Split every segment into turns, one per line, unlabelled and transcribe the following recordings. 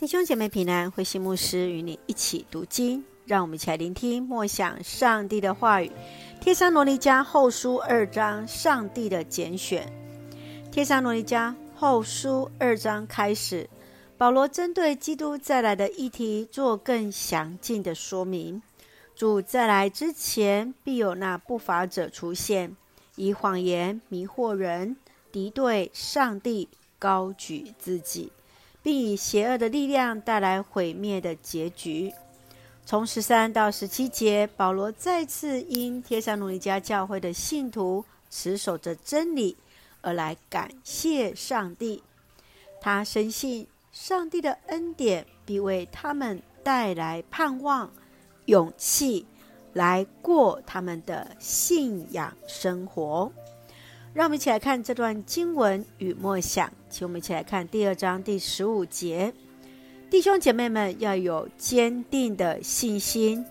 弟兄姐妹平安，慧馨牧師與你一起讀經，讓我們一起來聆聽默想上帝的話語，《帖撒羅尼迦後書》二章，上帝的揀選，《帖撒羅尼迦後書》二章開始。保羅針對基督再來的議題做更詳盡的說明。主再來之前，必有那不法者出現，以謊言迷惑人，敵對上帝，高舉自己。並以邪惡的力量帶來毀滅的結局。從十三到十七節，保羅再次因帖撒羅尼迦教會的信徒持守着真理而來感謝上帝。他深信上帝的恩典必為他們帶來盼望、勇氣，來過他們的信仰生活。讓我們一起來看這段經文與默想，請我們一起來看第二章第十五節：弟兄姐妹們要有堅定的信心，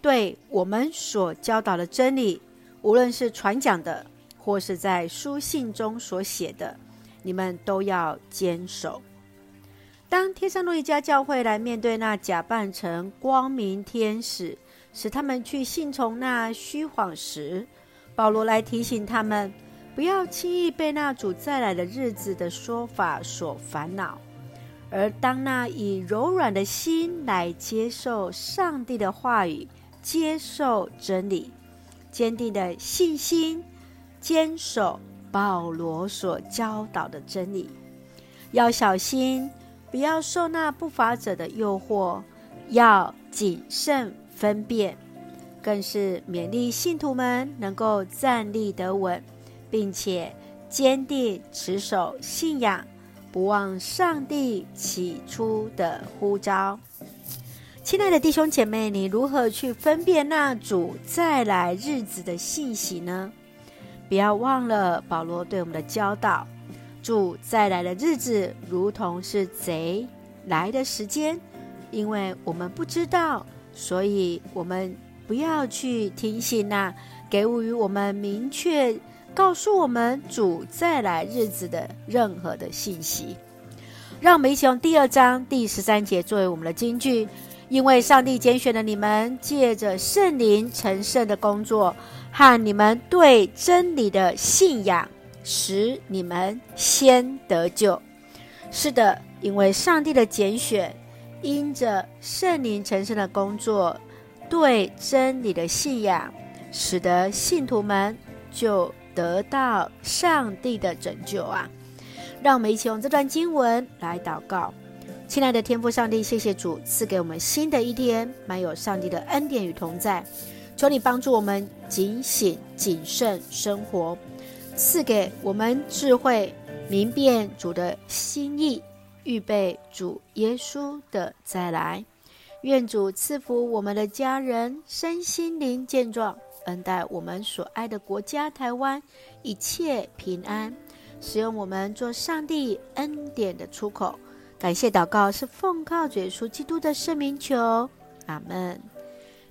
對我們所教導的真理，無論是傳講的或是在書信中所寫的，你們都要堅守。當帖撒羅尼迦教會來面對那假扮成光明天使，使他們去信從那虛謊時，保羅來提醒他們。不要輕易被那主再來的日子的說法所煩惱，而當那以柔軟的心來接受上帝的話語，接受真理，堅定的信心，堅守保羅所教導的真理。要小心，不要受那不法者的誘惑，要謹慎分辨，更是勉勵信徒們能夠站立得穩。並且堅定持守信仰，不忘上帝起初的呼召。親愛的弟兄姐妹，你如何去分辨那主再來日子的信息呢？不要忘了保羅對我們的教導：主再來的日子，如同是賊來的時間，因為我們不知道，所以我們不要去聽信那、啊、給予我們明確。告訴我們主再來日子的任何的信息，讓我們一起用第二章第十三節作為我們的金句，因為上帝揀選了你們，借着聖靈成聖的工作和你們對真理的信仰，使你們先得救。是的，因為上帝的揀選，因着聖靈成聖的工作，對真理的信仰，使得信徒們就。得到上帝的拯救啊！讓我們一起用這段經文來禱告，親愛的天父上帝，謝謝主賜給我們新的一天，滿有上帝的恩典與同在。求你幫助我們警醒謹慎生活，賜給我們智慧，明辨主的心意，預備主耶穌的再來。願主賜福我們的家人身心靈健壯。恩待我們所愛的國家台灣一切平安，使用我們做上帝恩典的出口。感謝禱告是奉靠主耶穌基督的聖名求，阿門。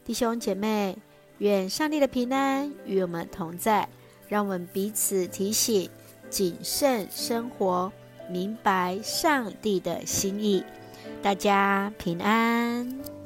弟兄姐妹，願上帝的平安與我們同在，讓我們彼此提醒，謹慎生活，明白上帝的心意。大家平安。